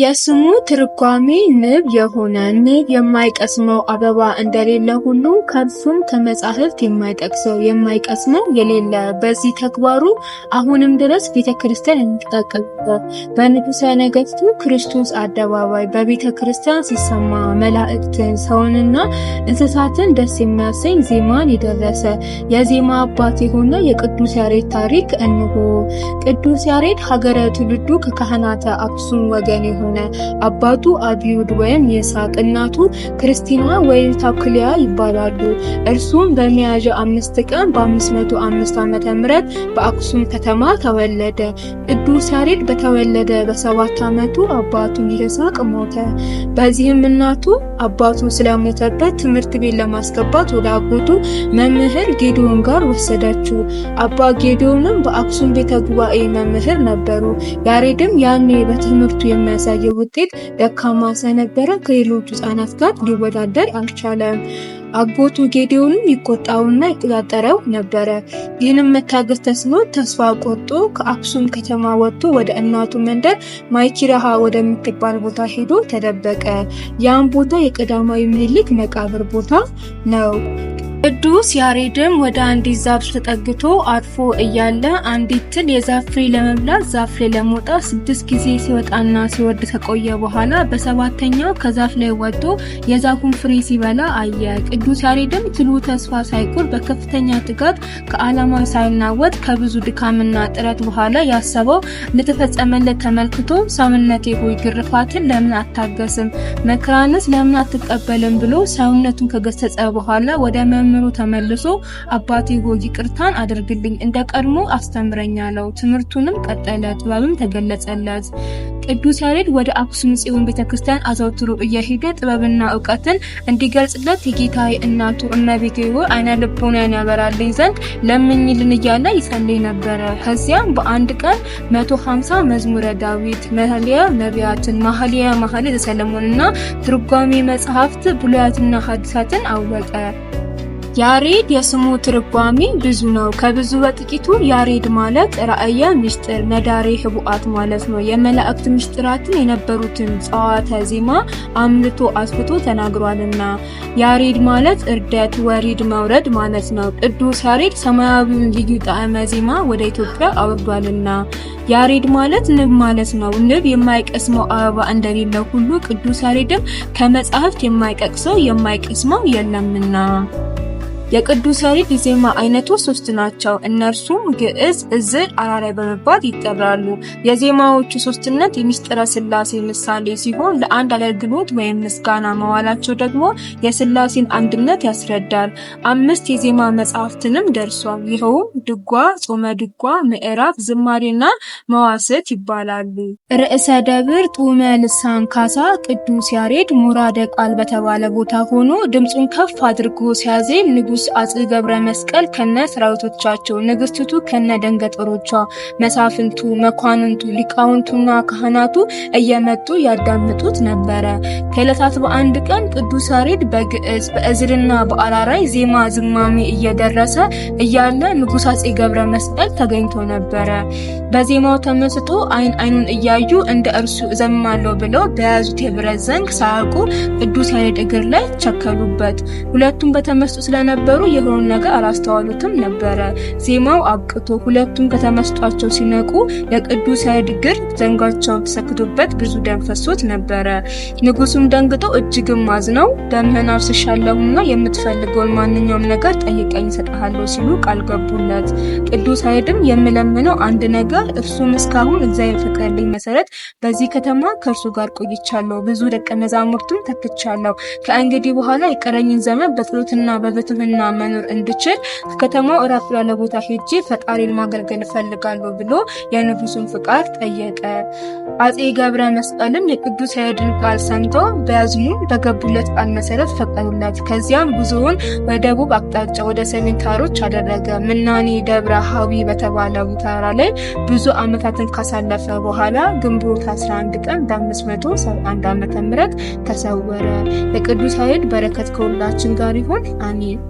የስሙ ትርጓሜ ንብ የሆነ ንብ የማይቀስመው አበባ እንደሌለ ሁሉ ከብሱም ከመጻሕፍት የማይጠቅሰው የማይቀስመው የሌለ በዚህ ተግባሩ አሁንም ድረስ ቤተ ክርስቲያን የምትጠቀምበት በንጉሠ ነገሥቱ ክርስቶስ አደባባይ በቤተ ክርስቲያን ሲሰማ መላእክትን፣ ሰውንና እንስሳትን ደስ የሚያሰኝ ዜማን የደረሰ የዜማ አባት የሆነ የቅዱስ ያሬድ ታሪክ እንሆ። ቅዱስ ያሬድ ሀገረ ትውልዱ ከካህናተ አክሱም ወገን ሆነ። አባቱ አብዩድ ወይም የሳቅ እናቱ ክርስቲና ወይም ታክሊያ ይባላሉ። እርሱም በሚያዝያ አምስት ቀን በ505 ዓመተ ምህረት በአክሱም ከተማ ተወለደ። ቅዱስ ያሬድ በተወለደ በሰባት ዓመቱ አባቱ ይሳቅ ሞተ። በዚህም እናቱ አባቱ ስለሞተበት ትምህርት ቤት ለማስገባት ወደ አጎቱ መምህር ጌዲዮን ጋር ወሰደችው። አባ ጌዲዮንም በአክሱም ቤተ ጉባኤ መምህር ነበሩ። ያሬድም ያኔ በትምህርቱ የሚያሰ ያሳየው ውጤት ደካማ ስለነበረ ከሌሎች ህጻናት ጋር ሊወዳደር አልቻለም። አጎቱ ጌዴዎንም ይቆጣውና ይቆጣጠረው ነበረ። ይህንም መታገስ ተስኖ ተስፋ ቆርጦ ከአክሱም ከተማ ወጥቶ ወደ እናቱ መንደር ማይኪራሃ ወደምትባል ቦታ ሄዶ ተደበቀ። ያን ቦታ የቀዳማዊ ምኒልክ መቃብር ቦታ ነው። ቅዱስ ያሬድም ወደ አንዲት ዛፍ ተጠግቶ አርፎ እያለ አንዲት ትል የዛፍ ፍሬ ለመብላት ዛፍ ላይ ለመውጣ ስድስት ጊዜ ሲወጣና ሲወርድ ከቆየ በኋላ በሰባተኛው ከዛፍ ላይ ወጥቶ የዛፉን ፍሬ ሲበላ አየ። ቅዱስ ያሬድም ትሉ ተስፋ ሳይቆር በከፍተኛ ትጋት ከዓላማው ሳይናወጥ ከብዙ ድካምና ጥረት በኋላ ያሰበው እንደተፈጸመለት ተመልክቶ ሰውነቴ ሆይ ግርፋትን ለምን አታገስም? መከራንስ ለምን አትቀበልም? ብሎ ሰውነቱን ከገሰጸ በኋላ ወደ መ አእምሮ ተመልሶ አባቴ ሆይ ይቅርታን አድርግልኝ፣ እንደ ቀድሞ አስተምረኝ አለው። ትምህርቱንም ቀጠለ፣ ጥበብም ተገለጸለት። ቅዱስ ያሬድ ወደ አክሱም ጽዮን ቤተክርስቲያን አዘውትሮ እየሄደ ጥበብና እውቀትን እንዲገልጽለት የጌታዬ እናቱ እመቤቴ ሆይ ዓይነ ልቦናን ያበራልኝ ዘንድ ለምኝልን እያለ ይጸልይ ነበረ። ከዚያም በአንድ ቀን 150 መዝሙረ ዳዊት፣ መኃልየ ነቢያትን፣ መኃልየ መኃልይ ዘሰለሞንና ትርጓሜ መጽሐፍት ብሉያትና ሐዲሳትን አወቀ። ያሬድ የስሙ ትርጓሜ ብዙ ነው። ከብዙ በጥቂቱ ያሬድ ማለት ራእየ ምስጢር፣ ነዳሬ ህቡአት ማለት ነው። የመላእክት ምስጢራትን የነበሩትን ጸዋተ ዜማ አምልቶ አስፍቶ ተናግሯልና ያሬድ ማለት እርደት፣ ወሪድ፣ መውረድ ማለት ነው። ቅዱስ ያሬድ ሰማያዊውን ልዩ ጣዕመ ዜማ ወደ ኢትዮጵያ አውርዷልና ያሬድ ማለት ንብ ማለት ነው። ንብ የማይቀስመው አበባ እንደሌለው ሁሉ ቅዱስ ያሬድም ከመጻሕፍት የማይቀቅሰው የማይቀስመው የለምና የቅዱስ ያሬድ የዜማ አይነቶች ሶስት ናቸው። እነርሱም ግዕዝ፣ እዝል፣ አራራይ በመባል ይጠራሉ። የዜማዎቹ ሶስትነት የሚስጥረ ስላሴ ምሳሌ ሲሆን ለአንድ አገልግሎት ወይም ምስጋና መዋላቸው ደግሞ የስላሴን አንድነት ያስረዳል። አምስት የዜማ መጽሐፍትንም ደርሷል። ይኸውም ድጓ፣ ጾመ ድጓ፣ ምዕራፍ፣ ዝማሬና መዋስት ይባላሉ። ርዕሰ ደብር ጡመ ልሳን ካሳ ቅዱስ ያሬድ ሙራደ ቃል በተባለ ቦታ ሆኖ ድምፁን ከፍ አድርጎ ሲያዜም ንጉሥ ቅዱስ አጼ ገብረ መስቀል ከነ ሰራዊቶቻቸው፣ ንግስቲቱ ከነ ደንገጠሮቿ፣ መሳፍንቱ፣ መኳንንቱ፣ ሊቃውንቱና ካህናቱ እየመጡ ያዳምጡት ነበረ። ከዕለታት በአንድ ቀን ቅዱስ ያሬድ በግዕዝ በእዝልና በአራራይ ዜማ ዝማሜ እየደረሰ እያለ ንጉሥ አጼ ገብረ መስቀል ተገኝቶ ነበረ። በዜማው ተመስጦ አይን አይኑን እያዩ እንደ እርሱ እዘምማለሁ ብለው በያዙት የብረት ዘንግ ሳያውቁ ቅዱስ ያሬድ እግር ላይ ቸከሉበት። ሁለቱም በተመስጦ ስለነበሩ ስለነበሩ የሆኑ ነገር አላስተዋሉትም ነበረ። ዜማው አብቅቶ ሁለቱም ከተመስጧቸው ሲነቁ ለቅዱስ ያሬድ እግር ዘንጋቸው ተሰክቶበት ብዙ ደም ፈሶት ነበረ። ንጉሱም ደንግጦ እጅግም አዝነው በምህናር ስሻለሁና የምትፈልገውን ማንኛውም ነገር ጠይቀኝ እሰጥሃለሁ ሲሉ ቃል ገቡለት። ቅዱስ ያሬድም የምለምነው አንድ ነገር እርሱም እስካሁን እግዚአብሔር በፈቀደልኝ መሰረት በዚህ ከተማ ከእርሱ ጋር ቆይቻለሁ፣ ብዙ ደቀ መዛሙርትም ተክቻለሁ። ከእንግዲህ በኋላ የቀረኝን ዘመን በጸሎትና በብትህና እና መኖር እንድችል ከተማው ራፍ ላለ ቦታ ሄጄ ፈጣሪን ማገልገል እፈልጋለሁ ብሎ የንጉሱን ፍቃድ ጠየቀ። አጼ ገብረ መስቀልም የቅዱስ ያሬድን ቃል ሰምቶ በያዝኑ በገቡለት ቃል መሰረት ፈቀዱለት። ከዚያም ጉዞውን በደቡብ አቅጣጫ ወደ ሰሜን ተራሮች አደረገ። ምናኔ ደብረ ሀዊ በተባለው ተራራ ላይ ብዙ ዓመታትን ካሳለፈ በኋላ ግንቦት 11 ቀን በ571 ዓ ም ተሰወረ። የቅዱስ ያሬድ በረከት ከሁላችን ጋር ይሁን፣ አሜን።